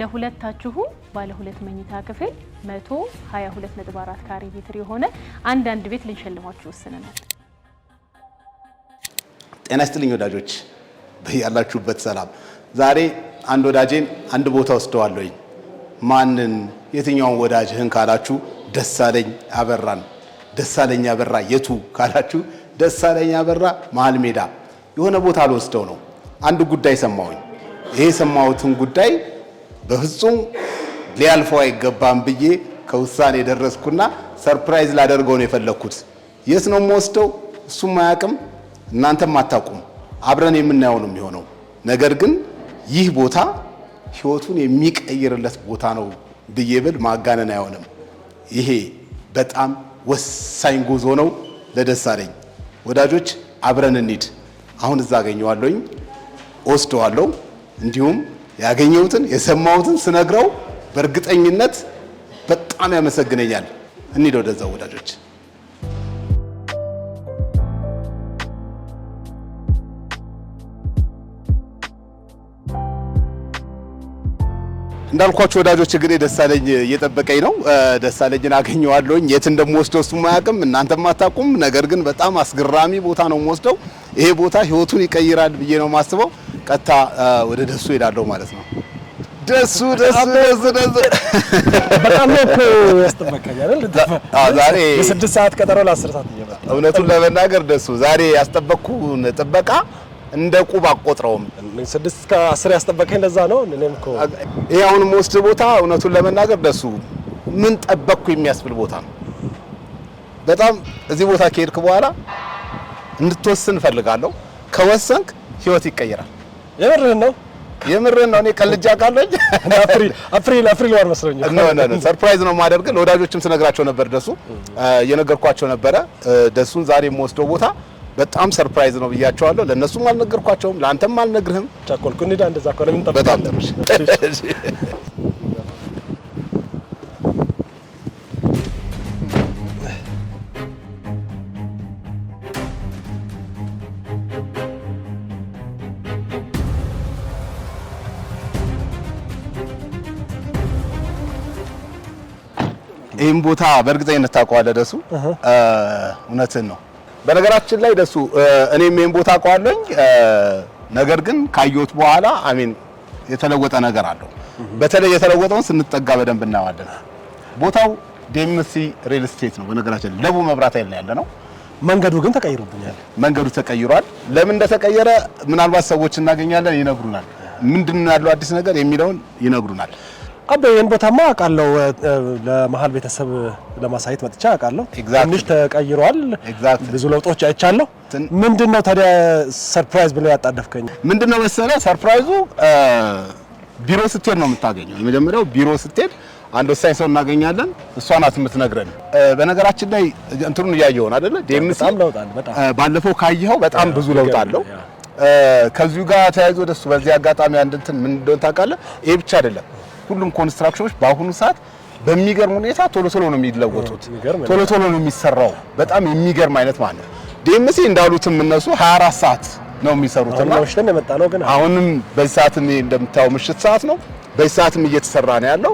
ለሁለታችሁ ባለ ሁለት መኝታ ክፍል 122.4 ካሬ ሜትር የሆነ አንዳንድ ቤት ልንሸልማችሁ ወስነናል። ጤና ይስጥልኝ ወዳጆች፣ በያላችሁበት ሰላም። ዛሬ አንድ ወዳጄን አንድ ቦታ ወስደዋለኝ። ማንን? የትኛውን ወዳጅህን ካላችሁ ደሳለኝ አበራን። ደሳለኝ አበራ የቱ ካላችሁ ደሳለኝ አበራ መሀል ሜዳ የሆነ ቦታ ልወስደው ነው። አንድ ጉዳይ ሰማሁኝ። ይሄ የሰማሁትን ጉዳይ በፍጹም ሊያልፈው አይገባም ብዬ ከውሳኔ የደረስኩና ሰርፕራይዝ ላደርገው ነው የፈለግኩት። የት ነው የምወስደው? እሱም አያውቅም፣ እናንተም አታውቁም። አብረን የምናየው ነው የሚሆነው። ነገር ግን ይህ ቦታ ህይወቱን የሚቀይርለት ቦታ ነው ብዬ ብል ማጋነን አይሆንም። ይሄ በጣም ወሳኝ ጉዞ ነው ለደሳለኝ። ወዳጆች አብረን እንሂድ። አሁን እዛ አገኘዋለሁኝ፣ ወስደዋለሁ እንዲሁም ያገኘሁትን የሰማሁትን ስነግረው በእርግጠኝነት በጣም ያመሰግነኛል። እንሂድ ወደዛው ወዳጆች። እንዳልኳቸው ወዳጆች እንግዲህ ደሳለኝ እየጠበቀኝ ነው። ደሳለኝን አገኘዋለሁኝ። የት እንደምወስደው እሱም አያውቅም፣ እናንተም አታውቁም። ነገር ግን በጣም አስገራሚ ቦታ ነው የምወስደው። ይሄ ቦታ ህይወቱን ይቀይራል ብዬ ነው የማስበው። ቀጥታ ወደ ደሱ ሄዳለሁ ማለት ነው። ደሱ ደሱ ደሱ ደሱ በጣም ነው ያስጠበቀኝ አይደል? ዛሬ የስድስት ሰዓት ቀጠሮ ለአስር ሰዓት እየመጣ እውነቱን ለመናገር ደሱ ዛሬ ያስጠበቅኩን ጥበቃ እንደ ቁብ አቆጥረውም ስድስት ከአስር ያስጠበቀኝ ለዛ ነው። እኔም እኮ ይሄ አሁን ወስድ ቦታ እውነቱን ለመናገር ደሱ ምን ጠበቅኩ የሚያስብል ቦታ ነው። በጣም እዚህ ቦታ ከሄድክ በኋላ እንድትወስን እፈልጋለሁ። ከወሰንክ ህይወት ይቀየራል። የምርህን ነው? የምርህን ነው? እኔ ቀልጃ ቃለኝ። አፕሪል አፕሪል አፕሪል ወር መስሎኝ ነው። ነው ነው ሰርፕራይዝ ነው የማደርግህ። ለወዳጆችም ስነግራቸው ነበር፣ ደሱ እየነገርኳቸው ነበረ። ደሱን ዛሬ የምወስደው ቦታ በጣም ሰርፕራይዝ ነው ብያቸዋለሁ። ለእነሱም አልነገርኳቸውም፣ ለአንተም አልነግርህም። ቻኮልኩ እንሂዳ። እንደዛ በጣም ምን ይህም ቦታ በእርግጠኝነት ታውቀዋለህ ደሱ፣ እውነትን ነው። በነገራችን ላይ ደሱ፣ እኔም ይህም ቦታ አውቀዋለኝ። ነገር ግን ካየሁት በኋላ አሜን የተለወጠ ነገር አለው። በተለይ የተለወጠውን ስንጠጋ በደንብ እናየዋለን። ቦታው ዴምሲ ሪል ስቴት ነው። በነገራችን ለቡ መብራት ኃይል ያለ ነው። መንገዱ ግን ተቀይሮብኛል። መንገዱ ተቀይሯል። ለምን እንደተቀየረ ምናልባት ሰዎች እናገኛለን፣ ይነግሩናል። ምንድን ነው ያለው አዲስ ነገር የሚለውን ይነግሩናል። አበይን ቦታማ አውቃለሁ። ለመሀል ቤተሰብ ለማሳየት መጥቻ አውቃለሁ። ትንሽ ተቀይሯል፣ ብዙ ለውጦች አይቻለሁ። ምንድን ነው ታዲያ ሰርፕራይዝ ብለው ያጣደፍከኝ? ምንድን ነው መሰለህ ሰርፕራይዙ ቢሮ ስትሄድ ነው የምታገኘው። የመጀመሪያው ቢሮ ስትሄድ አንድ ወሳኝ ሰው እናገኛለን። እሷ ናት የምትነግረን። በነገራችን ላይ እንትኑን እያየውን አይደለ? ዲኤምሲ ባለፈው ካየኸው በጣም ብዙ ለውጥ አለው። ከዚሁ ጋር ተያይዞ ደሱ በዚህ አጋጣሚ አንድ እንትን ምን እንደሆነ ታውቃለህ? ይሄ ብቻ አይደለም ሁሉም ኮንስትራክሽኖች በአሁኑ ሰዓት በሚገርም ሁኔታ ቶሎ ቶሎ ነው የሚለወጡት፣ ቶሎ ቶሎ ነው የሚሰራው። በጣም የሚገርም አይነት ማለት ነው። ዲኤምሲ እንዳሉትም እነሱ 24 ሰዓት ነው የሚሰሩት። ነው ግን አሁንም በዚህ ሰዓት እንደምታየው ምሽት ሰዓት ነው፣ በዚህ ሰዓትም እየተሰራ ነው ያለው።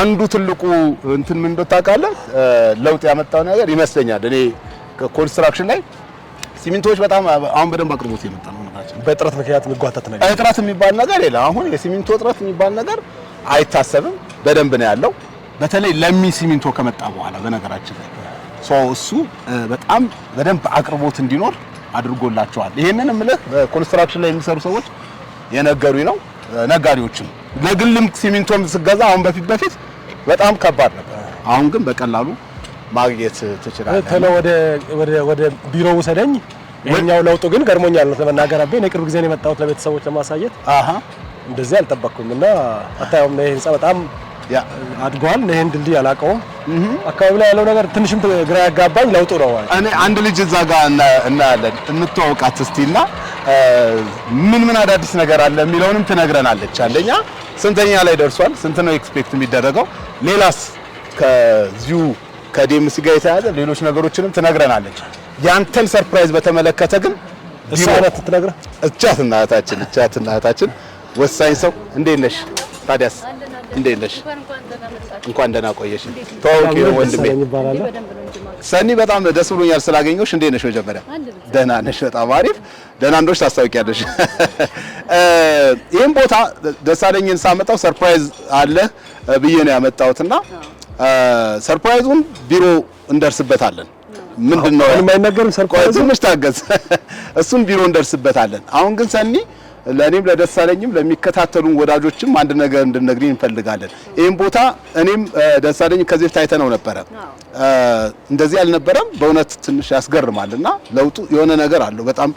አንዱ ትልቁ እንትን ምን ታውቃለህ፣ ለውጥ ያመጣው ነገር ይመስለኛል እኔ ኮንስትራክሽን ላይ ሲሚንቶዎች በጣም አሁን በደንብ አቅርቦት የመጣ ነው። በእጥረት ምክንያት የሚጓተት ነገር እጥረት የሚባል ነገር የለም። አሁን የሲሚንቶ እጥረት የሚባል ነገር አይታሰብም። በደንብ ነው ያለው። በተለይ ለሚ ሲሚንቶ ከመጣ በኋላ በነገራችን ላይ ሰው እሱ በጣም በደንብ አቅርቦት እንዲኖር አድርጎላቸዋል። ይሄንን ምልህ በኮንስትራክሽን ላይ የሚሰሩ ሰዎች የነገሩኝ ነው። ነጋዴዎችም ለግልም ሲሚንቶም ስገዛ አሁን በፊት በፊት በጣም ከባድ ነበር። አሁን ግን በቀላሉ ማግኘት ትችላለህ። ተለ ወደ ወደ ወደ ቢሮ ውሰደኝ። ይሄኛው ለውጡ ግን ገርሞኛል ነው ለመናገር አቤ። እኔ ቅርብ ጊዜ ነው የመጣሁት ለቤተሰቦች ለማሳየት። አሃ እንደዚህ አልጠበቅኩም እና አታየውም ነው ይህ ህንፃ በጣም አድጓል። ይህን ድልድይ አላውቀውም። አካባቢ ላይ ያለው ነገር ትንሽም ግራ ያጋባኝ ለውጡ ነው። እኔ አንድ ልጅ እዛ ጋር እናያለን እንተዋወቃት እስቲ እና ምን ምን አዳዲስ ነገር አለ የሚለውንም ትነግረናለች። አንደኛ ስንተኛ ላይ ደርሷል? ስንት ነው ኤክስፔክት የሚደረገው? ሌላስ ከዚሁ ከዴምሲ ጋር የተያዘ ሌሎች ነገሮችንም ትነግረናለች። ያንተን ሰርፕራይዝ በተመለከተ ግን እሷ ናት ትነግረህ። እቻት እናታችን እቻት እናታችን ወሳኝ ሰው። እንዴት ነሽ? ታዲያስ እንዴት ነሽ? እንኳን ደህና ቆየሽ። ተዋውቂ ወንድሜ ሰኒ፣ በጣም ደስ ብሎኛል ስላገኘሁሽ። እንዴት ነሽ? መጀመሪያ ደህና ነሽ? በጣም አሪፍ። ደህና እንደሆንሽ ታስታውቂያለሽ። ይህም ቦታ ደሳለኝን ሳመጣው ሰርፕራይዝ አለ ብዬ ነው ያመጣሁትና ሰርፕራይዙን ቢሮ እንደርስበታለን። ምንድን ነው አይነገርም? ሰርፕራይዙ ምሽ ታገዝ፣ እሱን ቢሮ እንደርስበታለን። አሁን ግን ሰኒ ለእኔም ለደሳለኝም ለሚከታተሉን ወዳጆችም አንድ ነገር እንድነግሪን እንፈልጋለን። ይህም ቦታ እኔም ደሳለኝ ከዚህ በፊት ነው ነበረ፣ እንደዚህ አልነበረም። በእውነት ትንሽ ያስገርማል እና ለውጡ የሆነ ነገር አለው። በጣም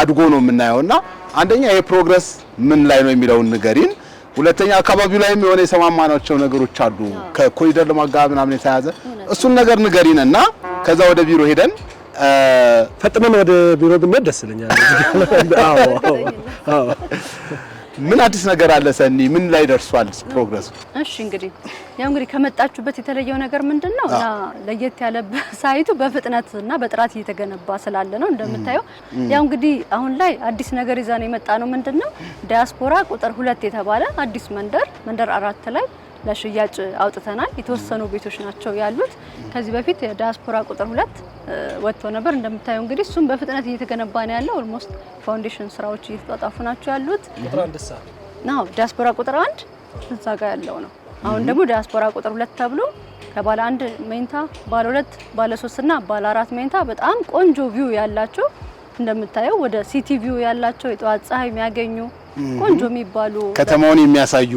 አድጎ ነው የምናየው እና አንደኛ የፕሮግረስ ምን ላይ ነው የሚለውን ንገሪን። ሁለተኛ አካባቢው ላይም የሆነ የሰማማናቸው ነገሮች አሉ ከኮሪደር ልማት ጋር ምናምን የተያያዘ እሱን ነገር ንገሪን እና ከዛ ወደ ቢሮ ሄደን ፈጥነን ወደ ቢሮ ብንሄድ ደስ ይለኛል። ምን አዲስ ነገር አለ ሰኒ? ምን ላይ ደርሷል ፕሮግረሱ? እሺ እንግዲህ ያው እንግዲህ ከመጣችሁበት የተለየው ነገር ምንድን ነው እና ለየት ያለ ሳይቱ በፍጥነት እና በጥራት እየተገነባ ስላለ ነው። እንደምታየው ያው እንግዲህ አሁን ላይ አዲስ ነገር ይዘን የመጣ ነው ምንድን ነው ዲያስፖራ ቁጥር ሁለት የተባለ አዲስ መንደር መንደር አራት ላይ ለሽያጭ አውጥተናል። የተወሰኑ ቤቶች ናቸው ያሉት። ከዚህ በፊት የዲያስፖራ ቁጥር ሁለት ወጥቶ ነበር። እንደምታየው እንግዲህ እሱም በፍጥነት እየተገነባ ነው ያለው። ኦልሞስት ፋውንዴሽን ስራዎች እየተጧጧፉ ናቸው ያሉት። ናው ዲያስፖራ ቁጥር አንድ እዛ ጋር ያለው ነው። አሁን ደግሞ ዲያስፖራ ቁጥር ሁለት ተብሎ ከባለ አንድ መኝታ፣ ባለ ሁለት፣ ባለ እና ባለ አራት መኝታ በጣም ቆንጆ ቪው ያላቸው እንደምታየው ወደ ሲቲ ቪው ያላቸው የጠዋት ፀሐይ የሚያገኙ ቆንጆ የሚባሉ ከተማውን የሚያሳዩ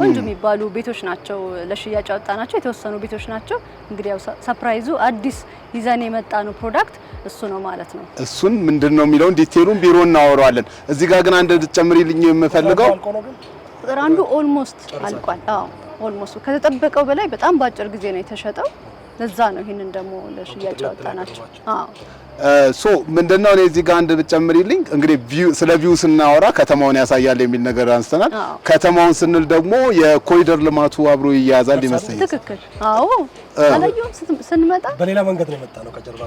ቆንጆ የሚባሉ ቤቶች ናቸው ለሽያጭ ያወጣ ናቸው። የተወሰኑ ቤቶች ናቸው። እንግዲህ ያው ሰፕራይዙ አዲስ ይዘን የመጣ ነው ፕሮዳክት እሱ ነው ማለት ነው። እሱን ምንድን ነው የሚለውን ዲቴሉን ቢሮ እናወረዋለን። እዚህ ጋር ግን አንድ ጨምሪልኝ የምፈልገው ቁጥር አንዱ ኦልሞስት አልቋል። ኦልሞስት ከተጠበቀው በላይ በጣም በአጭር ጊዜ ነው የተሸጠው። ለዛ ነው ይህንን ደግሞ ለሽያጭ ያወጣ ናቸው። ሶ ምንድነው እኔ እዚህ ጋር አንድ ብጨምሪልኝ እንግዲህ ቪው ስለ ቪው ስናወራ ከተማውን ያሳያል የሚል ነገር አንስተናል። ከተማውን ስንል ደግሞ የኮሪደር ልማቱ አብሮ ይያያዛል ይመስለኝ። ትክክል። አዎ አላየሁም ስንመጣ በሌላ መንገድ ነው የመጣ ነው ከጀርባ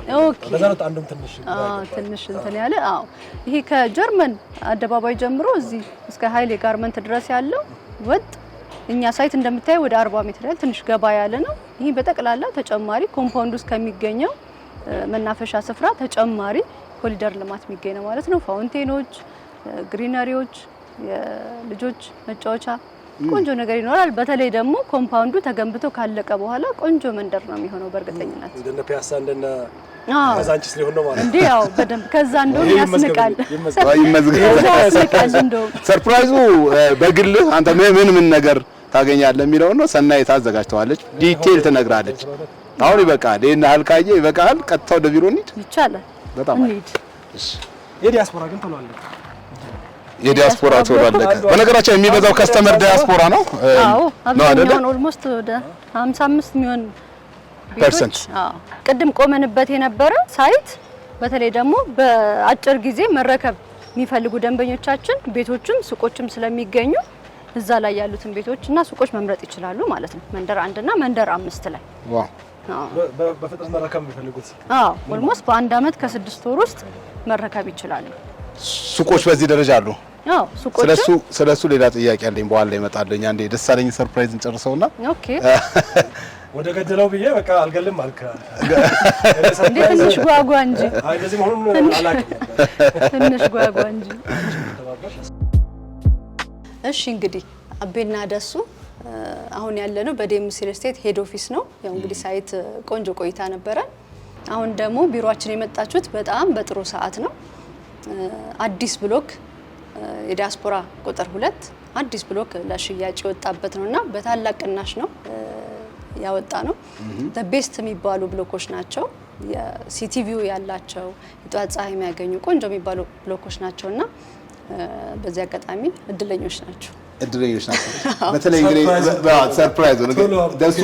ነው ትንሽ አዎ ትንሽ እንትን ያለ አዎ። ይሄ ከጀርመን አደባባይ ጀምሮ እዚህ እስከ ኃይሌ ጋርመንት ድረስ ያለው ወጥ እኛ ሳይት እንደምታይ ወደ 40 ሜትር ያህል ትንሽ ገባ ያለ ነው። ይሄ በጠቅላላ ተጨማሪ ኮምፓውንድ ውስጥ ከሚገኘው መናፈሻ ስፍራ ተጨማሪ ኮሪደር ልማት የሚገኝ ነው ማለት ነው። ፋውንቴኖች፣ ግሪነሪዎች፣ የልጆች መጫወቻ ቆንጆ ነገር ይኖራል። በተለይ ደግሞ ኮምፓውንዱ ተገንብቶ ካለቀ በኋላ ቆንጆ መንደር ነው የሚሆነው በእርግጠኝነት እንደነ ፒያሳ እንደነ ካዛንቺስ ሊሆን ነው ማለት ነው። ያው በደንብ ከዛ እንደውም ያስንቃል ይመስጋል። ሰርፕራይዙ በግልህ አንተ ምን ምን ነገር ታገኛለህ የሚለውን ነው። ሰናይት አዘጋጅተዋለች፣ ዲቴል ትነግራለች። አሁን ይበቃል። ይሄን ያህል ካየ ይበቃል። ቀጥታ ወደ ቢሮ እንሂድ። ይቻላል። በጣም እንሂድ። እሺ። የዲያስፖራ ግን ተሏል። የዲያስፖራ ተሏል። በነገራችን የሚበዛው ከስተመር ዲያስፖራ ነው። አዎ፣ አብዛኛው ኦልሞስት ወደ 55 የሚሆን ፐርሰንት። አዎ፣ ቅድም ቆመንበት የነበረ ሳይት በተለይ ደግሞ በአጭር ጊዜ መረከብ የሚፈልጉ ደንበኞቻችን ቤቶችም ሱቆችም ስለሚገኙ እዛ ላይ ያሉትን ቤቶች እና ሱቆች መምረጥ ይችላሉ ማለት ነው። መንደር አንድና መንደር አምስት ላይ ዋው በፍጥነት መረከብ የሚፈልጉት ኦልሞስት በአንድ አመት ከስድስት ወር ውስጥ መረከብ ይችላሉ። ሱቆች በዚህ ደረጃ አሉ። ስለሱ ሌላ ጥያቄ አለኝ፣ በኋላ ይመጣለኝ። አንዴ ደሳለኝ ሰርፕራይዝ እንጨርሰውና ወደ ገደለው ብዬ በቃ አልገልም አልክ። እንዴ ትንሽ ጓጓ እንጂ ትንሽ ጓጓ እንጂ። እሺ እንግዲህ አቤና ደሱ አሁን ያለ ነው ሪል ስቴት ሄድ ኦፊስ ነው። ያው እንግዲህ ሳይት ቆንጆ ቆይታ ነበረን። አሁን ደግሞ ቢሮችን የመጣችሁት በጣም በጥሩ ሰዓት ነው። አዲስ ብሎክ የዲያስፖራ ቁጥር ሁለት አዲስ ብሎክ ለሽያጭ የወጣበት ነው እና በታላቅ ቅናሽ ነው ያወጣ ነው። ቤስት የሚባሉ ብሎኮች ናቸው። ሲቲቪው ያላቸው የጠዋት ፀሐይ የሚያገኙ ቆንጆ የሚባሉ ብሎኮች ናቸው እና በዚህ አጋጣሚ እድለኞች ናቸው። እድለኞች ናቸው። በተለይ እንግዲህ ሰርፕራይዝ ነው ደሱ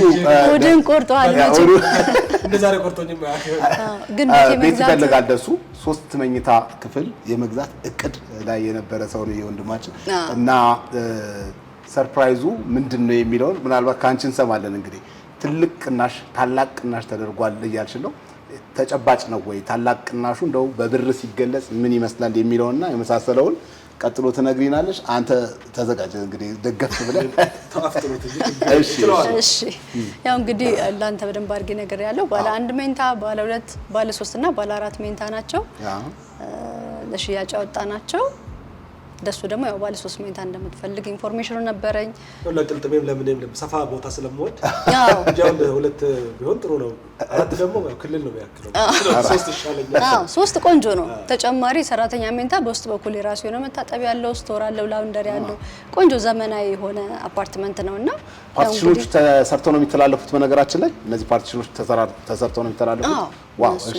ቤት ይፈልጋል ደሱ ሶስት መኝታ ክፍል የመግዛት እቅድ ላይ የነበረ ሰው ነው የወንድማችን እና ሰርፕራይዙ ምንድን ነው የሚለውን ምናልባት ከአንቺ እንሰማለን። እንግዲህ ትልቅ ቅናሽ፣ ታላቅ ቅናሽ ተደርጓል እያልሽን ነው። ተጨባጭ ነው ወይ? ታላቅ ቅናሹ እንደው በብር ሲገለጽ ምን ይመስላል የሚለውና የመሳሰለውን ቀጥሎ ትነግሪናለሽ። አንተ ተዘጋጀ እንግዲህ ደገፍ ብለህ ያው እንግዲህ ለአንተ በደንብ አድርጌ ነገር ያለው ባለ አንድ ሜንታ፣ ባለ ሁለት፣ ባለ ሶስት እና ባለ አራት ሜንታ ናቸው ለሽያጭ ያወጣ ናቸው። እንደሱ ደግሞ ያው ባለ ሶስት ሜንታ እንደምትፈልግ ኢንፎርሜሽኑ ነበረኝ። ለጥልጥሜም ለምንም ሰፋ ቦታ ስለምወድ ሁለት ቢሆን ጥሩ ነው። አራት ሶስት ቆንጆ ነው። ተጨማሪ ሰራተኛ ሜንታ በውስጥ በኩል የራሱ የሆነ መታጠቢያ ያለው ስቶር አለው፣ ላውንደሪ ያለው ቆንጆ ዘመናዊ የሆነ አፓርትመንት ነው እና ፓርቲሽኖቹ ተሰርተው ነው የሚተላለፉት። በነገራችን ላይ እነዚህ ፓርቲሽኖች ተሰርተው ነው የሚተላለፉት።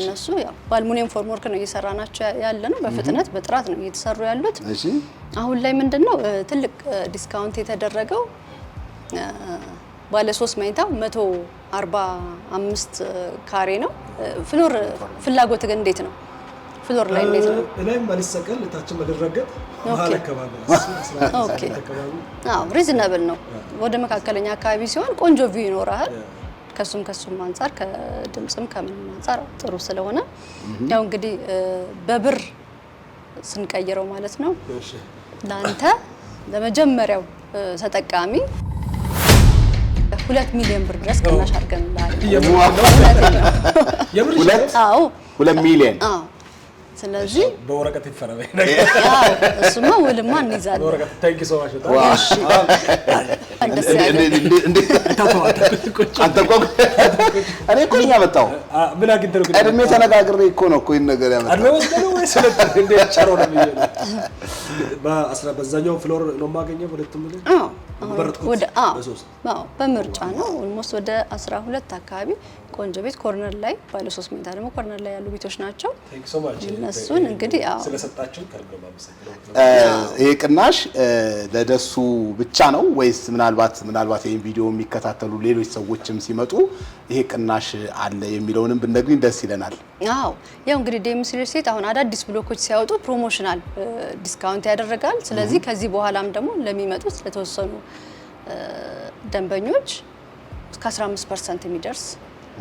እነሱ በአልሙኒየም ፎርም ነው እየሰራ ናቸው ያለ ነው። በፍጥነት በጥራት ነው እየተሰሩ ያሉት። አሁን ላይ ምንድን ነው ትልቅ ዲስካውንት የተደረገው ባለ ሶስት መኝታው 145 ካሬ ነው። ፍሎር ፍላጎት ግን እንዴት ነው? ፍሎር ላይ እንዴት ነው? እላይ ባልሰቀል ለታችን መደረገት መሀል አካባቢ ኦኬ። አዎ ሪዝነብል ነው። ወደ መካከለኛ አካባቢ ሲሆን ቆንጆ ቪው ይኖራል። ከሱም ከሱም አንጻር ከድምጽም ከምንም አንጻር ጥሩ ስለሆነ ያው እንግዲህ በብር ስንቀይረው ማለት ነው ለአንተ ለመጀመሪያው ተጠቃሚ ሁለት ሚሊዮን ብር ድረስ ቅናሽ አድርገንልሃል። ሁለት ሚሊዮን ስለዚህ በወረቀት ይፈረበ እሱማ ውልማ እንይዛለን። እኔ እኮ እኛ መጣሁ ተነጋግሬ እኮ ነው እኮ ይህን ነገር በዛኛው ፍሎር ነው የማገኘው ሁለቱም በምርጫ ነው። ኦልሞስት ወደ አካባቢ ቆንጆ ቤት ኮርነር ላይ ባለ ሶስት መኝታ ደግሞ ኮርነር ላይ ያሉ ቤቶች ናቸው። እሱን እንግዲህ ያው ስለሰጣችሁ ይህ ቅናሽ ለደሱ ብቻ ነው ወይስ ምናልባት ምናልባት ይህን ቪዲዮ የሚከታተሉ ሌሎች ሰዎችም ሲመጡ ይሄ ቅናሽ አለ የሚለውንም ብነግሪኝ ደስ ይለናል። አዎ ያው እንግዲህ ዴምስ ሪል ስቴት አሁን አዳዲስ ብሎኮች ሲያወጡ ፕሮሞሽናል ዲስካውንት ያደርጋል። ስለዚህ ከዚህ በኋላም ደግሞ ለሚመጡት ለተወሰኑ ደንበኞች እስከ 15 ፐርሰንት የሚደርስ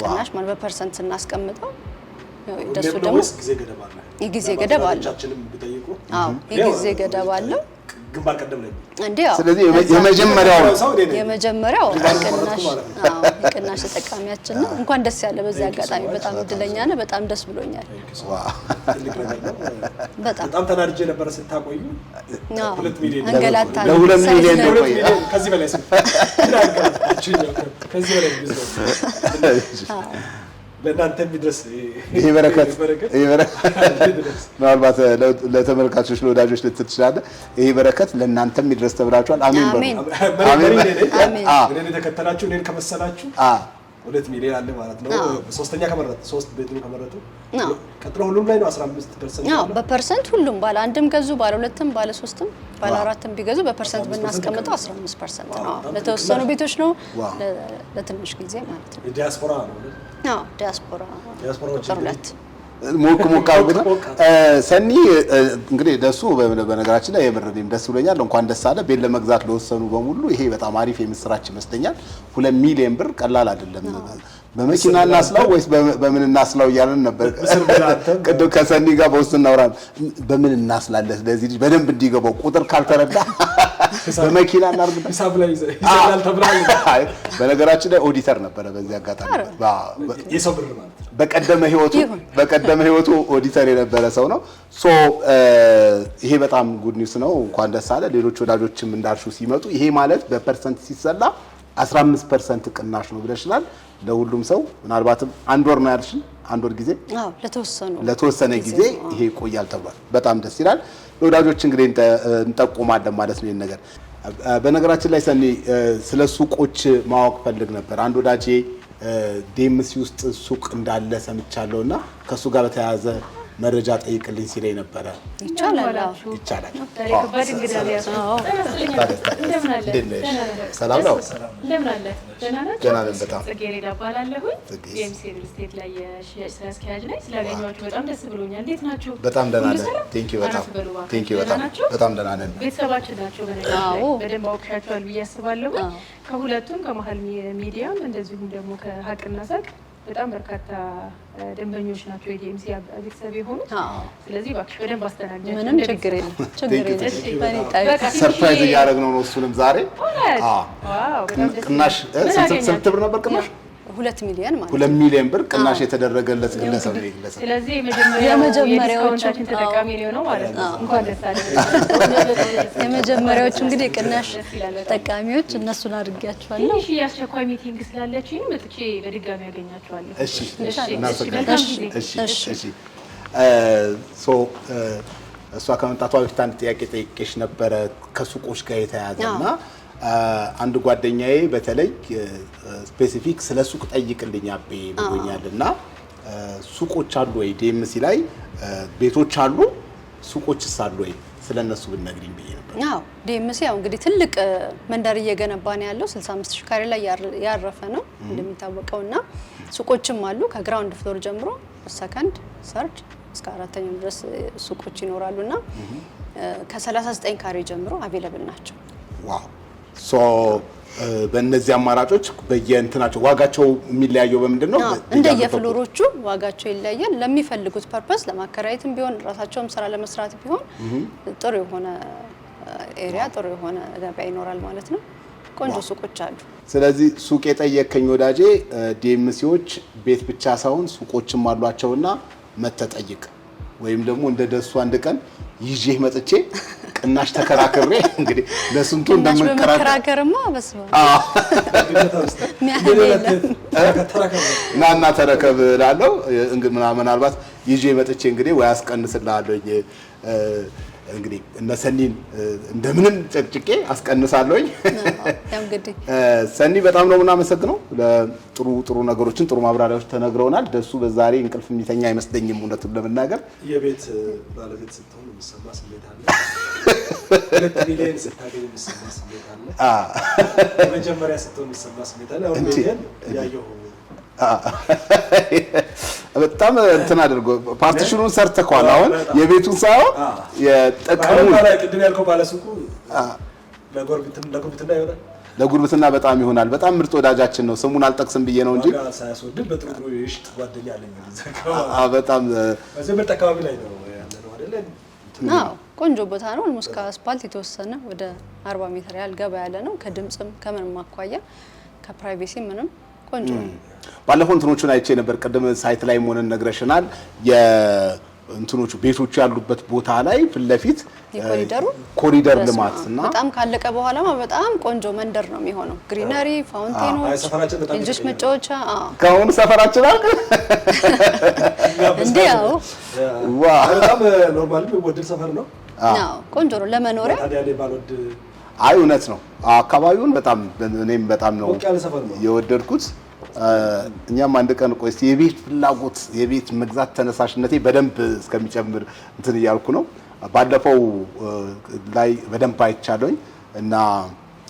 ቅናሽ ማለት በፐርሰንት ስናስቀምጠው ደሱ ደግሞ ጊዜ ገደባ የጊዜ ገደብ አለው። አዎ የጊዜ ገደብ አለው። ግንባር ቀደም ላይ ስለዚህ የመጀመሪያው የመጀመሪያው ቅናሽ አዎ ቅናሽ ተጠቃሚያችን ነው። እንኳን ደስ ያለ። በዚህ አጋጣሚ በጣም እድለኛ ነህ። በጣም ደስ ብሎኛል። በጣም በጣም ተናድጄ ነበረ ስታቆዩ። ሁለት ሚሊዮን አንገላታ ለሁለት ሚሊዮን ነው። ከዚህ በላይ ከዚህ በላይ ለእናንተ የሚደርስ ይህ በረከት ምናልባት ለተመልካቾች ለወዳጆች ልትል ትችላለህ። ይህ በረከት ለእናንተ የሚደርስ ተብላችኋል። አሜን በሉ። የተከተላችሁ እኔን ከመሰላችሁ ሁለት ሚሊዮን አለ ማለት ነው። ሶስተኛ ከመረጡ ሶስት ቤት ከመረጡ ቀጥሎ ሁሉም ላይ ነው አስራ አምስት ፐርሰንት በፐርሰንት ሁሉም ባለ አንድም ገዙ ባለ ሁለትም ባለ ሶስትም ባለ አራትም ቢገዙ በፐርሰንት ብናስቀምጠው አስራ አምስት ፐርሰንት ነው። ለተወሰኑ ቤቶች ነው፣ ለትንሽ ጊዜ ማለት ነው። ዲያስፖራ ነው ዲያስፖራ ዲያስፖራዎች ሞቅ ሞቅ አድርጉት። ሰኒ እንግዲህ ደሱ በነገራችን ላይ የምር እኔም ደስ ብሎኛል። እንኳን ደስ አለ። ቤት ለመግዛት ለወሰኑ በሙሉ ይሄ በጣም አሪፍ የምስራች ይመስለኛል። ሁለት ሚሊዮን ብር ቀላል አይደለም። በመኪና እናስላው ወይስ በምን እናስላው እያለን ነበር። ቅድም ከሰኒ ጋር በውስጥ እናውራለን። በምን እናስላለ ስለዚህ ልጅ በደንብ እንዲገባው ቁጥር ካልተረዳ በመኪና እናርግዳ። በነገራችን ላይ ኦዲተር ነበረ። በዚህ አጋጣሚ በቀደመ ህይወቱ በቀደመ ህይወቱ ኦዲተር የነበረ ሰው ነው። ሶ ይሄ በጣም ጉድ ኒውስ ነው። እንኳን ደስ አለ። ሌሎች ወዳጆችም እንዳልሹ ሲመጡ ይሄ ማለት በፐርሰንት ሲሰላ 15 ፐርሰንት ቅናሽ ነው ብለሽናል። ለሁሉም ሰው ምናልባትም አንድ ወር ነው ያልሽኝ፣ አንድ ወር ጊዜ ለተወሰነ ጊዜ ይሄ ይቆያል ተብሏል። በጣም ደስ ይላል። ለወዳጆች እንግዲህ እንጠቁማለን ማለት ነው ይህን ነገር። በነገራችን ላይ ሰኒ ስለ ሱቆች ማወቅ ፈልግ ነበር። አንድ ወዳጄ ዴምሲ ውስጥ ሱቅ እንዳለ ሰምቻለሁ እና ከእሱ ጋር በተያያዘ መረጃ ጠይቅልኝ ሲለኝ ነበረ። ይቻላል ይቻላል። ሰላም ነው። ነን። በጣም ጽጌሬዳ እባላለሁኝ። ጄምስ ሪል ስቴት ላይ የሽያጭ ስራ አስኪያጅ ነኝ። ስላገኘኋችሁ በጣም ደስ ብሎኛል። እንዴት ናችሁ? በጣም ደህና ነን። በጣም ደህና ነን። ቤተሰባችን ናቸው። በደንብ አውቅሻቸዋል ብዬ አስባለሁ። ከሁለቱም ከመሀል ሚዲያም እንደዚሁም ደግሞ ከሀቅና ሳቅ በጣም በርካታ ደንበኞች ናቸው የዲኤምሲ ቤተሰብ የሆኑ። ስለዚህ እባክሽ በደንብ አስተናግጃቸው። ምንም ችግር ችግር የለም። ሰርፕራይዝ እያደረግነው ነው እሱንም ዛሬ ቅናሽ ስንት ብር ነበር ቅናሽ ሁለት ሚሊዮን ማለት ሁለት ሚሊዮን ብር ቅናሽ የተደረገለት ግለሰብ ነው። ስለዚህ የመጀመሪያዎቹ ተጠቃሚ ነው ማለት ነው። እንኳን ደስ የመጀመሪያዎቹ እንግዲህ ቅናሽ ተጠቃሚዎች እነሱን አድርጊያቸዋለሁ። እሺ፣ የአስቸኳይ ሚቲንግ ስላለችኝ መጥቼ በድጋሚ ያገኛቸዋለሁ። እሺ፣ እሺ፣ እሺ። እሷ ከመምጣቷ በፊት አንድ ጥያቄ ጠይቄሽ ነበረ ከሱቆች ጋር የተያያዘ እና አንድ ጓደኛዬ በተለይ ስፔሲፊክ ስለ ሱቅ ጠይቅልኝ አቤ ብሎኛል እና ሱቆች አሉ ወይ ዲኤምሲ ላይ ቤቶች አሉ ሱቆችስ አሉ ወይ ስለ እነሱ ብነግሪኝ ብዬ ነበር። አዎ ዲኤምሲ ያው እንግዲህ ትልቅ መንደር እየገነባ ነው ያለው 65 ሺህ ካሬ ላይ ያረፈ ነው እንደሚታወቀው እና ሱቆችም አሉ ከግራውንድ ፍሎር ጀምሮ ሰከንድ፣ ሰርድ እስከ አራተኛው ድረስ ሱቆች ይኖራሉ እና ከ39 ካሬ ጀምሮ አቬለብል ናቸው። ዋው በእነዚህ አማራጮች በየእንትናቸው ዋጋቸው የሚለያየው በምንድን ነው? እንደየፍሎሮቹ ዋጋቸው ይለያል። ለሚፈልጉት ፐርፐስ ለማከራየትም ቢሆን ራሳቸውም ስራ ለመስራት ቢሆን ጥሩ የሆነ ኤሪያ ጥሩ የሆነ ገበያ ይኖራል ማለት ነው። ቆንጆ ሱቆች አሉ። ስለዚህ ሱቅ የጠየከኝ ወዳጄ ዲኤምሲዎች ቤት ብቻ ሳይሆን ሱቆችም አሏቸውና መተጠይቅ ወይም ደግሞ እንደ ደሱ አንድ ቀን ይዤህ መጥቼ ቅናሽ ተከራክሬ እንግዲህ ለስንቱ እንደምንከራከርማ ና ተረከብ እላለሁ። ምናልባት ይዤ መጥቼ እንግዲህ ወይ አስቀንስልሃለሁኝ እንግዲህ እነ ሰኒን እንደምንም ጨቅጭቄ አስቀንሳለሁኝ። ሰኒ በጣም ነው የምናመሰግነው። ለጥሩ ጥሩ ነገሮችን ጥሩ ማብራሪያዎች ተነግረውናል። ደሱ በዛሬ እንቅልፍ የሚተኛ አይመስለኝም እውነቱን ለመናገር የቤት ባለቤት ስትሆን የሚሰማ ስሜት አለ። በጣም እንትን አድርጎ ፓርቲሽኑን ሰርተኳል። አሁን የቤቱን ሳይሆን የጠቀሙን ለጉርብትና በጣም ይሆናል። በጣም ምርጥ ወዳጃችን ነው። ስሙን አልጠቅስም ብዬ ነው እንጂ በጣም ቆንጆ ቦታ ነው። ኦልሞስት ከአስፓልት የተወሰነ ወደ አርባ ሜትር ያህል ገባ ያለ ነው። ከድምፅም ከምንም አኳያ ከፕራይቬሲ ምንም ቆንጆ ነው። ባለፈው እንትኖቹን አይቼ ነበር። ቅድም ሳይት ላይ መሆንን ነግረሽናል። እንትኖቹ ቤቶቹ ያሉበት ቦታ ላይ ፊት ለፊት የኮሪደሩ ኮሪደር ልማት እና በጣም ካለቀ በኋላ በጣም ቆንጆ መንደር ነው የሚሆነው። ግሪነሪ፣ ፋውንቴኖች፣ ልጆች መጫወቻ ከአሁኑ ሰፈራችን አልክ እንዴ? ያው በጣም ኖርማል ወድል ሰፈር ነው ቆንጆ ነው ለመኖሪያ። አይ እውነት ነው። አካባቢውን በጣም እኔም በጣም ነው የወደድኩት። እኛም አንድ ቀን ቆይ እስኪ የቤት ፍላጎት የቤት መግዛት ተነሳሽነቴ በደንብ እስከሚጨምር እንትን እያልኩ ነው። ባለፈው ላይ በደንብ አይቻለኝ እና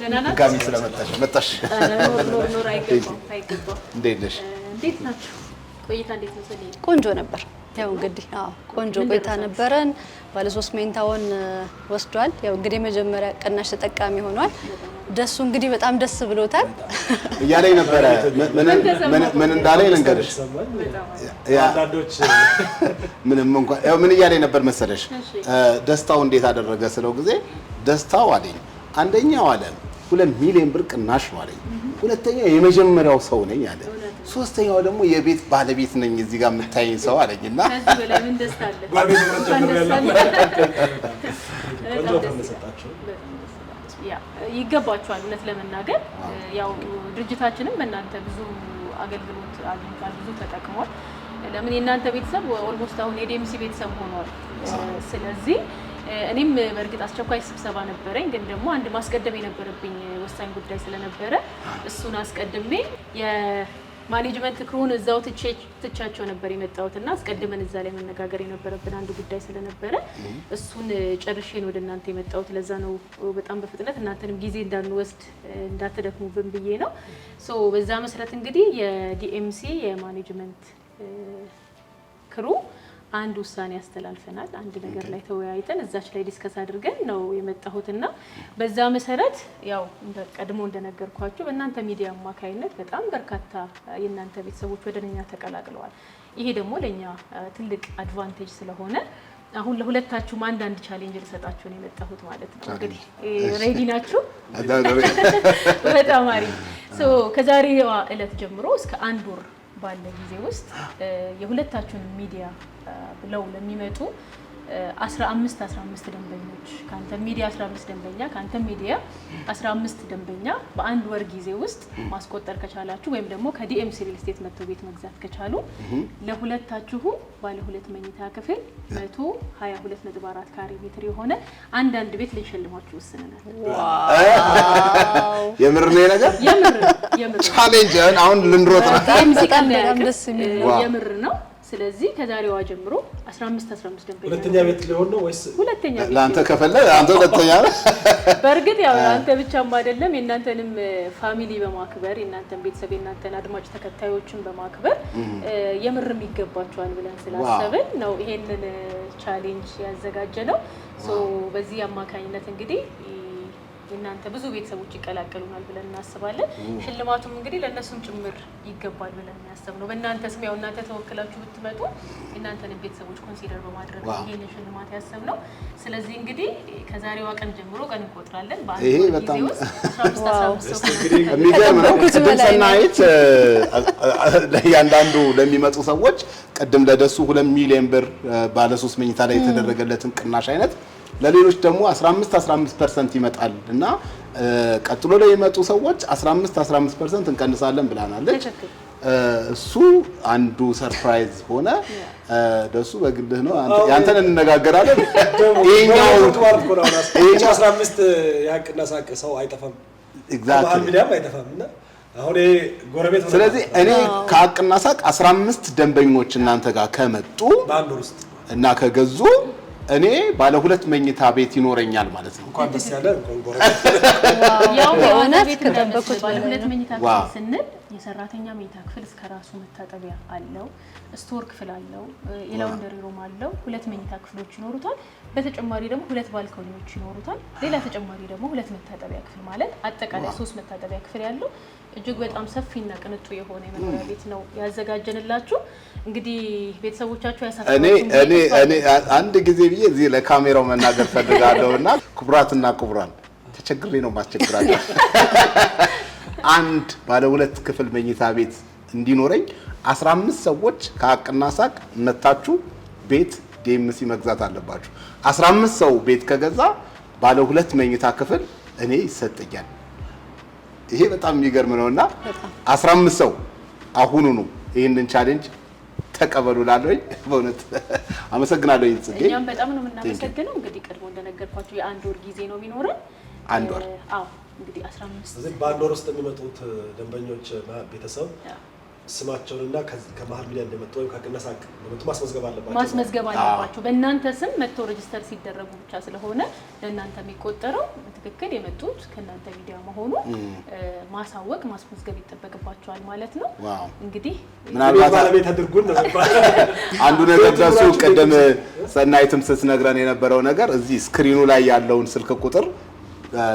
ድጋሚ ስለመጣሽ መጣሽ። እንዴት ነሽ? ቆንጆ ነበር። ያው እንግዲህ ቆንጆ ቆይታ ነበረን። ባለሶስት መኝታውን ወስዷል። ያው እንግዲህ የመጀመሪያ ቅናሽ ተጠቃሚ ሆኗል። ደሱ እንግዲህ በጣም ደስ ብሎታል እያለኝ ነበረ። ምን እንዳለኝ ልንገርሽ። ምንም እንኳን ምን እያለኝ ነበር መሰለሽ፣ ደስታው እንዴት አደረገ ስለው ጊዜ ደስታው አለኝ አንደኛው አለ ሁለት ሚሊዮን ብር ቅናሽ ነው አለኝ። ሁለተኛ የመጀመሪያው ሰው ነኝ አለ። ሶስተኛው ደግሞ የቤት ባለቤት ነኝ እዚህ ጋር የምታየኝ ሰው አለኝ እና ይገባቸዋል። እውነት ለመናገር ያው ድርጅታችንም በእናንተ ብዙ አገልግሎት አግኝቷል፣ ብዙ ተጠቅሟል። ለምን የእናንተ ቤተሰብ ኦልሞስት አሁን የዴምሲ ቤተሰብ ሆኗል። ስለዚህ እኔም በእርግጥ አስቸኳይ ስብሰባ ነበረኝ፣ ግን ደግሞ አንድ ማስቀደም የነበረብኝ ወሳኝ ጉዳይ ስለነበረ እሱን አስቀድሜ ማኔጅመንት ክሩን እዛው ትቻቸው ነበር የመጣሁት እና አስቀድመን እዛ ላይ መነጋገር የነበረብን አንድ ጉዳይ ስለነበረ እሱን ጨርሼን ወደ እናንተ የመጣሁት ለዛ ነው። በጣም በፍጥነት እናንተንም ጊዜ እንዳንወስድ እንዳትደክሙብን ብዬ ነው። ሶ በዛ መሰረት እንግዲህ የዲኤምሲ የማኔጅመንት ክሩ አንድ ውሳኔ ያስተላልፈናል። አንድ ነገር ላይ ተወያይተን እዛች ላይ ዲስከስ አድርገን ነው የመጣሁትና በዛ መሰረት ያው ቀድሞ እንደነገርኳችሁ በእናንተ ሚዲያ አማካይነት በጣም በርካታ የእናንተ ቤተሰቦች ወደ እኛ ተቀላቅለዋል። ይሄ ደግሞ ለእኛ ትልቅ አድቫንቴጅ ስለሆነ አሁን ለሁለታችሁም አንዳንድ ቻሌንጅ ልሰጣችሁ ነው የመጣሁት ማለት ነው። እንግዲህ ሬዲ ናችሁ? በጣም አሪፍ። ከዛሬዋ እለት ጀምሮ እስከ አንድ ወር ባለ ጊዜ ውስጥ የሁለታችሁን ሚዲያ ብለው ለሚመጡ 15 15 ደንበኞች ከአንተ ሚዲያ 15 ደንበኛ ከአንተ ሚዲያ 15 ደንበኛ በአንድ ወር ጊዜ ውስጥ ማስቆጠር ከቻላችሁ ወይም ደግሞ ከዲኤም ሲሪል ስቴት መጥቶ ቤት መግዛት ከቻሉ ለሁለታችሁ ባለ ሁለት መኝታ ክፍል 122.4 ካሬ ሜትር የሆነ አንዳንድ ቤት ልንሸልማችሁ ወስነናል። የምር ነው ነገር የምር ቻሌንጅ አሁን ልንሮጥ ነው። የምር ነው ስለዚህ ከዛሬዋ ጀምሮ 15 15 ደንበኛ ሁለተኛ ቤት ሊሆን ነው ወይስ ሁለተኛ ቤት? ለአንተ ከፈለህ አንተ ሁለተኛ ነህ። በእርግጥ ያው አንተ ብቻም አይደለም የእናንተንም ፋሚሊ በማክበር የእናንተን ቤተሰብ የእናንተን አድማጭ ተከታዮችን በማክበር የምርም ይገባቸዋል ብለን ስላሰብን ነው ይሄንን ቻሌንጅ ያዘጋጀ ነው። በዚህ አማካኝነት እንግዲህ የእናንተ ብዙ ቤተሰቦች ይቀላቀሉናል ብለን እናስባለን። ሽልማቱም እንግዲህ ለእነሱም ጭምር ይገባል ብለን ያሰብ ነው። በእናንተ ስም ያው እናንተ ተወክላችሁ ብትመጡ እናንተን ቤተሰቦች ኮንሲደር በማድረግ ይህን ሽልማት ያሰብ ነው። ስለዚህ እንግዲህ ከዛሬዋ ቀን ጀምሮ ቀን እንቆጥራለን። ይሄ በጣም የሚገርም ነው። ቅድም ለእያንዳንዱ ለሚመጡ ሰዎች ቅድም ለደሱ ሁለት ሚሊዮን ብር ባለሶስት መኝታ ላይ የተደረገለትን ቅናሽ አይነት ለሌሎች ደግሞ 15 15 ፐርሰንት ይመጣል እና ቀጥሎ ላይ የመጡ ሰዎች 15 15 ፐርሰንት እንቀንሳለን ብላናለች። እሱ አንዱ ሰርፕራይዝ ሆነ። ደሱ በግልህ ነው ያንተን እንነጋገራለን። ይኸኛው 15 ያቅናሳቅ ሰው አይጠፋም፣ ሚዲያም አይጠፋም እና ስለዚህ እኔ ከአቅና ሳቅ 15 ደንበኞች እናንተ ጋር ከመጡ እና ከገዙ እኔ ባለ ሁለት መኝታ ቤት ይኖረኛል ማለት ነው። እንኳን ደስ ያለ። ያው የሆነ ስንል የሰራተኛ መኝታ ክፍል እስከ ራሱ መታጠቢያ አለው፣ ስቶር ክፍል አለው፣ የላውንደሪ ሮም አለው። ሁለት መኝታ ክፍሎች ይኖሩታል። በተጨማሪ ደግሞ ሁለት ባልኮኒዎች ይኖሩታል። ሌላ ተጨማሪ ደግሞ ሁለት መታጠቢያ ክፍል ማለት አጠቃላይ ሶስት መታጠቢያ ክፍል ያለው እጅግ በጣም ሰፊና ቅንጡ የሆነ የመኖሪያ ቤት ነው ያዘጋጀንላችሁ። እንግዲህ ቤተሰቦቻችሁ ያሳእኔ አንድ ጊዜ ብዬ እዚህ ለካሜራው መናገር ፈልጋለሁ እና ክቡራትና ክቡራን ተቸግሬ ነው ማስቸግራለሁ አንድ ባለ ሁለት ክፍል መኝታ ቤት እንዲኖረኝ 15 ሰዎች ከሀቅና ሳቅ መታችሁ ቤት ዲኤምሲ መግዛት አለባችሁ። 15 ሰው ቤት ከገዛ ባለ ሁለት መኝታ ክፍል እኔ ይሰጠኛል። ይሄ በጣም የሚገርም ነውና 15 ሰው አሁኑኑ ይህንን ቻሌንጅ ተቀበሉ ላለኝ በእውነት አመሰግናለሁ። ጽጌ እኛም በጣም ነው የምናመሰግነው። እንግዲህ ቀድሞ እንደነገርኳችሁ የአንድ ወር ጊዜ ነው የሚኖረን። አንድ ወር አዎ እንግዲህ 15 አምስት በአንድ ወር ውስጥ የሚመጡት ደንበኞች ቤተሰብ ስማቸውንና ከመሀል ሚዲያ እንደመጡ ወይም ከቅነሳ እንደመጡ ማስመዝገብ አለባቸው ማስመዝገብ አለባቸው። በእናንተ ስም መጥተው ሬጅስተር ሲደረጉ ብቻ ስለሆነ ለእናንተ የሚቆጠረው ትክክል የመጡት ከእናንተ ሚዲያ መሆኑ ማሳወቅ ማስመዝገብ ይጠበቅባቸዋል ማለት ነው። እንግዲህ ምናልባት ባለቤት አድርጉን አንዱ ነገር ደርሱ ቅድም ሰናይትም ስትነግረን የነበረው ነገር እዚህ ስክሪኑ ላይ ያለውን ስልክ ቁጥር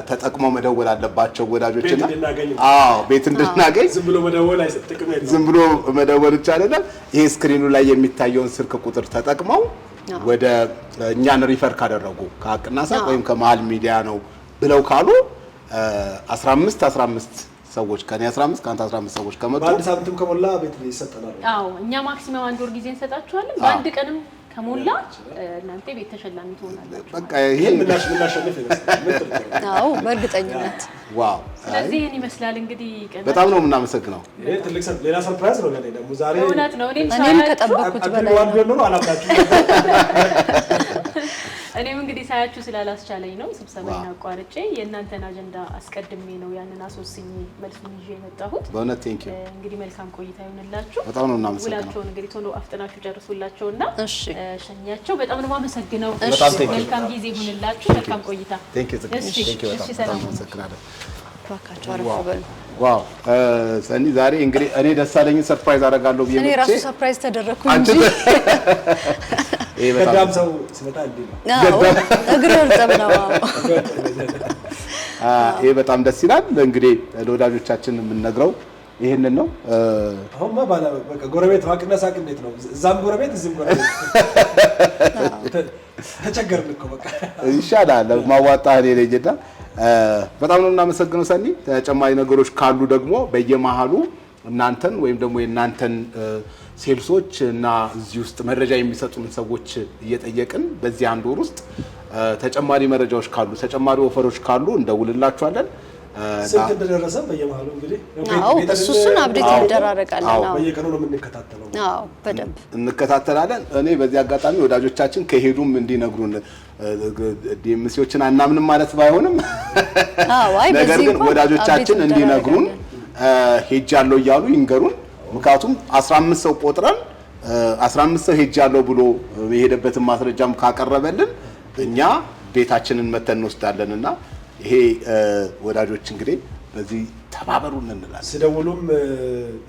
ተጠቅሞ መደወል አለባቸው ወዳጆች ወዳጆችና አዎ ቤት እንድናገኝ ዝም ብሎ መደወል አይሰጥቅም ዝም ብሎ መደወል ብቻ አይደለም ይሄ ስክሪኑ ላይ የሚታየውን ስልክ ቁጥር ተጠቅመው ወደ እኛን ሪፈር ካደረጉ ከሀቅና ሳቅ ወይም ከመሀል ሚዲያ ነው ብለው ካሉ 15 15 ሰዎች ከኔ 15 ከአንተ 15 ሰዎች ከመጡ በአንድ ሳምንትም ከሞላ ቤት ይሰጠናል። አዎ እኛ ማክሲመም አንድ ወር ጊዜ እንሰጣችኋለን። በአንድ ቀንም ከሞላ እናንተ ቤት ተሸላሚ ትሆናላችሁ። በቃ ይሄ ይመስላል። በእርግጠኝነት ስለዚህ ይመስላል እንግዲህ። በጣም ነው የምናመሰግነው። ሌላ ሰርፕራይዝ ነው ደግሞ ዛሬ እውነት ነው። እኔም በላይ ነው። እኔም እንግዲህ ሳያችሁ ስላላስቻለኝ ነው ስብሰባ አቋርጬ የእናንተን አጀንዳ አስቀድሜ ነው ያንን አስወስኜ መልሱን ይዤ የመጣሁት። በእውነት ቴንክ ዩ። እንግዲህ መልካም ቆይታ ይሆንላችሁ። በጣም ነው እናመሰግነው። ውላቸውን እንግዲህ ቶሎ አፍጥናችሁ ጨርሱላቸው እና ሸኛቸው። በጣም ነው የማመሰግነው። መልካም ጊዜ ይሁንላችሁ። መልካም ቆይታ። ሰላም ዋው ሰኒ፣ ዛሬ እንግዲህ እኔ ደሳለኝን ሰርፕራይዝ አደርጋለሁ ብዬ እኔ ራሱ ሰርፕራይዝ ተደረግኩ እንጂ ገዳም ሰው ሲመጣ ነው እግር ነው። ይሄ በጣም ደስ ይላል። እንግዲህ ለወዳጆቻችን የምንነግረው ይህንን ነው። አሁንማ ባላ በቃ ጎረቤት ዋቅና ሳቅ እንዴት ነው? እዛም ጎረቤት እዚህም ጎረቤት ተቸገርን እኮ በቃ ይሻላል። ማዋጣ እኔ ነኝ እና በጣም ነው የምናመሰግነው ሰኒ። ተጨማሪ ነገሮች ካሉ ደግሞ በየመሀሉ እናንተን ወይም ደግሞ የእናንተን ሴልሶች እና እዚህ ውስጥ መረጃ የሚሰጡን ሰዎች እየጠየቅን በዚህ አንድ ወር ውስጥ ተጨማሪ መረጃዎች ካሉ ተጨማሪ ኦፈሮች ካሉ እንደውልላችኋለን። እሱን አብዴት እንደራረጋለን። በየቀኑ ነው የምንከታተለው፣ በደንብ እንከታተላለን። እኔ በዚህ አጋጣሚ ወዳጆቻችን ከሄዱም እንዲነግሩን ዲኤምሲዎችን አናምንም ማለት ባይሆንም፣ ነገር ግን ወዳጆቻችን እንዲነግሩን ሄጃለሁ እያሉ ይንገሩን። ምክንያቱም 15 ሰው ቆጥረን 15 ሰው ሄጃለሁ ብሎ የሄደበትን ማስረጃም ካቀረበልን እኛ ቤታችንን መተን እንወስዳለን እና ይሄ ወዳጆች እንግዲህ በዚህ ተባበሩ እንላለን። ስደውሉም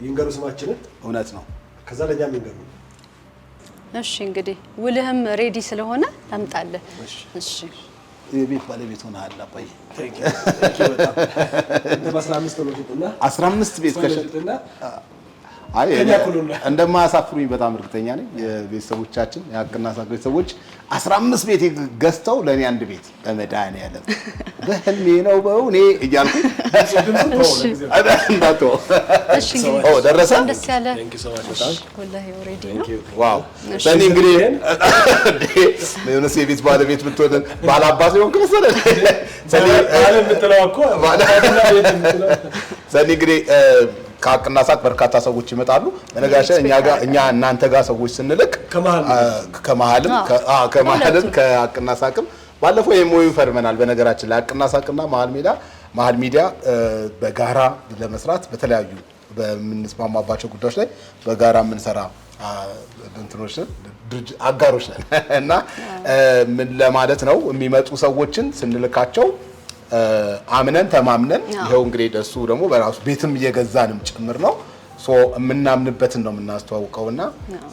ይንገሩ ስማችንን። እውነት ነው። ከዛ ለእኛም ይንገሩ። እሺ እንግዲህ ውልህም ሬዲ ስለሆነ ታምጣለህ። እሺ የቤት ባለቤት ሆነ ሆነሃል አባዬ። አስራ አምስት ቤት ከሸጥና እንደማያሳፍሩኝ በጣም እርግጠኛ ነኝ። የቤተሰቦቻችን የሀቅና ሳቅ ቤተሰቦች 15 ቤት ገዝተው ለእኔ አንድ ቤት በመድኃኒዓለም በህልሜ ነው በእውኔ እያልኩኝ ደረሰ። በእኔ እንግዲህ የሆነስ የቤት ባለቤት ብትሆን ባላባት ሆንክ መሰለህ። ሰኒ እንግዲህ ከአቅና ሰዓት በርካታ ሰዎች ይመጣሉ። በነገራችን እኛ ጋር እኛ እናንተ ጋር ሰዎች ስንልክ ከመሀልም ከመሀልም ከአቅና ሳቅም ባለፈው የሞ ፈርመናል። በነገራችን ላይ ሀቅና ሳቅና መሀል ሜዳ መሀል ሚዲያ በጋራ ለመስራት በተለያዩ በምንስማማባቸው ጉዳዮች ላይ በጋራ የምንሰራ እንትኖች አጋሮች ነን እና ምን ለማለት ነው የሚመጡ ሰዎችን ስንልካቸው አምነን ተማምነን ይኸው እንግዲህ ደሱ ደግሞ በራሱ ቤትም እየገዛንም ጭምር ነው የምናምንበትን ነው የምናስተዋውቀው እና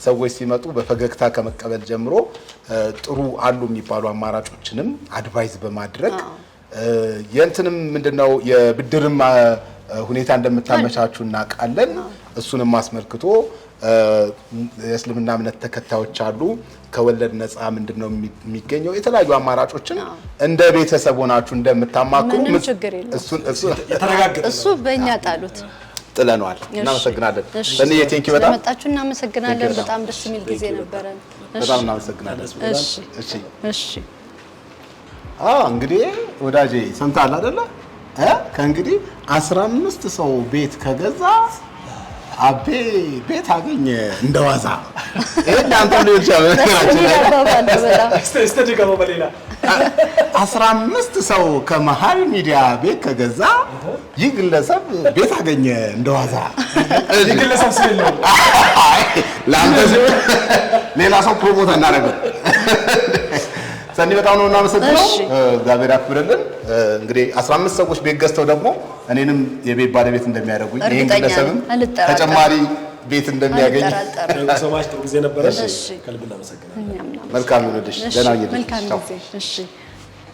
ሰዎች ሲመጡ በፈገግታ ከመቀበል ጀምሮ ጥሩ አሉ የሚባሉ አማራጮችንም አድቫይዝ በማድረግ የእንትንም ምንድነው የብድርም ሁኔታ እንደምታመቻቹ እናውቃለን። እሱንም አስመልክቶ የእስልምና እምነት ተከታዮች አሉ ከወለድ ነፃ ምንድን ነው የሚገኘው? የተለያዩ አማራጮችን እንደ ቤተሰብ ሆናችሁ እንደምታማክሩ እሱ በእኛ ጣሉት ጥለነዋል። እናመሰግናለን። እኔ ቴንኪ በጣም እናመሰግናለን። በጣም ደስ የሚል ጊዜ ነበረ። በጣም እናመሰግናለን። እሺ፣ እሺ። አዎ እንግዲህ ወዳጄ ሰምተሃል አይደለ? ከእንግዲህ አስራ አምስት ሰው ቤት ከገዛ አቤ ቤት አገኘ እንደዋዛ አንተ ሊሆን አስራ አምስት ሰው ከመሀል ሚዲያ ቤት ከገዛ ይህ ግለሰብ ቤት አገኘ እንደዋዛ። ሌላ ሰው ፕሮሞት እናደርገው ሰኒ በጣም ነው እናመሰግነው። እግዚአብሔር ያክብርልን። እንግዲህ 15 ሰዎች ቤት ገዝተው ደግሞ እኔንም የቤት ባለቤት እንደሚያደርጉኝ ይሄን ግለሰብም ተጨማሪ ቤት እንደሚያገኝ ሰማሽ ጥሩ ጊዜ ነበረ። ከልብ እናመሰግናለን። መልካም ይሁንልሽ። ደህና ይሁንልሽ። እሺ